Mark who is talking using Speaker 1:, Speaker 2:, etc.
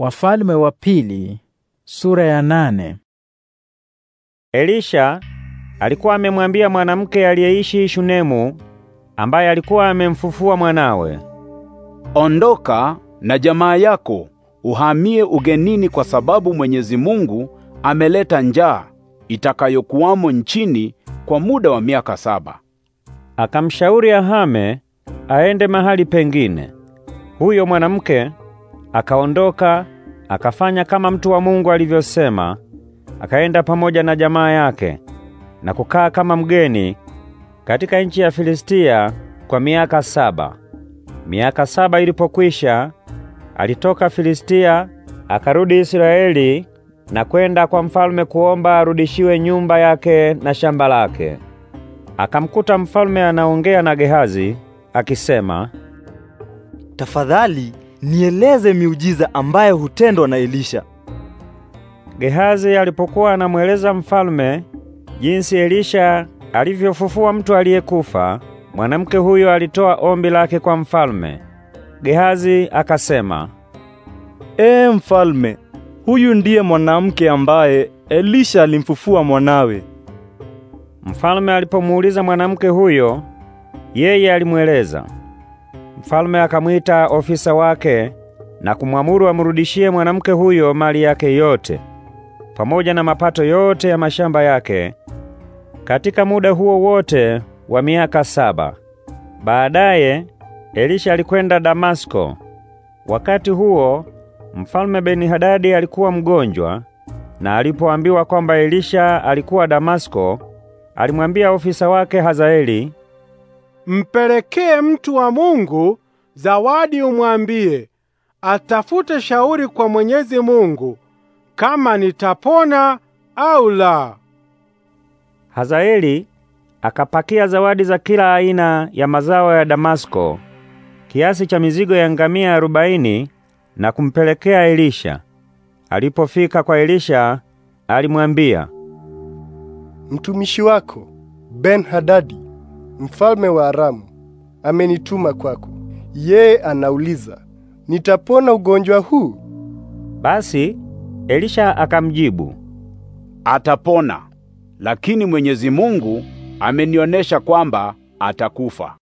Speaker 1: Wafalme wa pili, sura ya nane. Elisha alikuwa amemwambia mwanamke aliyeishi Shunemu
Speaker 2: ambaye alikuwa amemfufua mwanawe, ondoka na jamaa yako uhamie ugenini, kwa sababu Mwenyezi Mungu ameleta njaa itakayokuwamo nchini kwa muda wa miaka saba. Akamshauri ahame aende mahali pengine. Huyo mwanamke
Speaker 1: Akaondoka akafanya kama mtu wa Mungu alivyosema, akaenda pamoja na jamaa yake na kukaa kama mgeni katika nchi ya Filistia kwa miaka saba. Miaka saba ilipokwisha, alitoka Filistia akarudi Israeli na kwenda kwa mfalme kuomba arudishiwe nyumba yake na shamba lake. Akamkuta mfalme anaongea na Gehazi akisema, tafadhali nieleze miujiza ambayo hutendwa na Elisha. Gehazi alipokuwa anamweleza mfalme jinsi Elisha alivyofufua mtu aliyekufa, mwanamke huyo alitoa ombi lake kwa mfalme. Gehazi akasema, Ee mfalme, huyu ndiye mwanamke ambaye Elisha alimfufua mwanawe. Mfalme alipomuuliza mwanamke huyo, yeye alimweleza. Mfalme akamwita ofisa wake na kumwamuru amrudishie mwanamke huyo mali yake yote pamoja na mapato yote ya mashamba yake katika muda huo wote wa miaka saba. Baadaye Elisha alikwenda Damasko. Wakati huo mfalme Benihadadi alikuwa mgonjwa, na alipoambiwa kwamba Elisha
Speaker 3: alikuwa Damasko, alimwambia ofisa wake Hazaeli, Mpelekee mtu wa Mungu zawadi, umwambie atafute shauri kwa Mwenyezi Mungu kama nitapona au la.
Speaker 1: Hazaeli
Speaker 3: akapakia zawadi za kila aina ya
Speaker 1: mazao ya Damasko, kiasi cha mizigo ya ngamia arobaini na kumpelekea Elisha. Alipofika kwa Elisha, alimwambia,
Speaker 3: mtumishi wako Ben Hadadi mfalme wa Aramu, amenituma kwako. Yeye anauliza, nitapona ugonjwa huu?
Speaker 2: Basi Elisha akamjibu, atapona, lakini Mwenyezi Mungu amenionyesha kwamba atakufa.